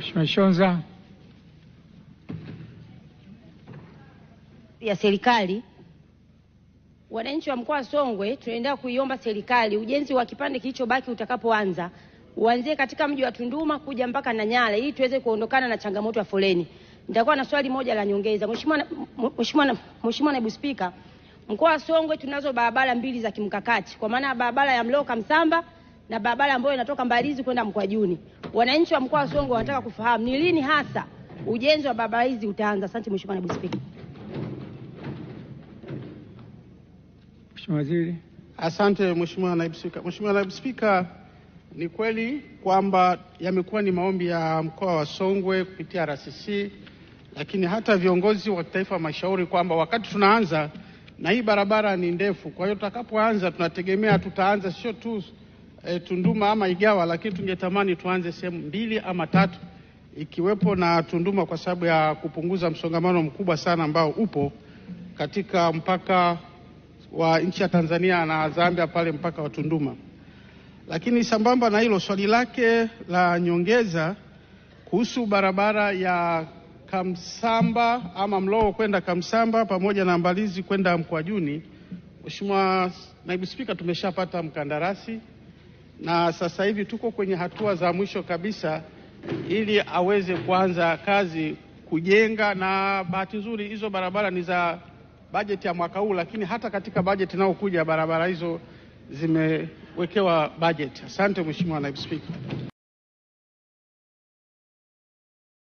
Mheshimiwa Shonza ya serikali wananchi wa mkoa wa Songwe tunaendelea kuiomba serikali ujenzi wa kipande kilichobaki utakapoanza uanzie katika mji wa Tunduma kuja mpaka Nanyale ili tuweze kuondokana na changamoto ya foleni. Nitakuwa na swali moja la nyongeza. Mheshimiwa Naibu Spika, mkoa wa Songwe tunazo barabara mbili za kimkakati kwa maana ya barabara ya Mloka Msamba na barabara ambayo inatoka Mbalizi kwenda Mkwajuni. Wananchi wa mkoa wa Songwe wanataka kufahamu ni lini hasa ujenzi wa barabara hizi utaanza. Asante Mheshimiwa Naibu Spika. Mheshimiwa Waziri. Asante Mheshimiwa Naibu Spika. Mheshimiwa Naibu Spika, ni kweli kwamba yamekuwa ni maombi ya mkoa wa Songwe kupitia RCC, lakini hata viongozi wa kitaifa mashauri kwamba wakati tunaanza na hii barabara ni ndefu, kwa hiyo tutakapoanza tunategemea tutaanza sio tu e, Tunduma ama Igawa, lakini tungetamani tuanze sehemu mbili ama tatu ikiwepo na Tunduma kwa sababu ya kupunguza msongamano mkubwa sana ambao upo katika mpaka wa nchi ya Tanzania na Zambia pale mpaka wa Tunduma. Lakini sambamba na hilo, swali lake la nyongeza kuhusu barabara ya Kamsamba ama Mlowo kwenda Kamsamba pamoja na Mbalizi kwenda Mkwajuni, Mheshimiwa Naibu Spika, tumeshapata mkandarasi na sasa hivi tuko kwenye hatua za mwisho kabisa ili aweze kuanza kazi kujenga. Na bahati nzuri hizo barabara ni za bajeti ya mwaka huu, lakini hata katika bajeti inayokuja barabara hizo zimewekewa bajeti. Asante Mheshimiwa Naibu Spika.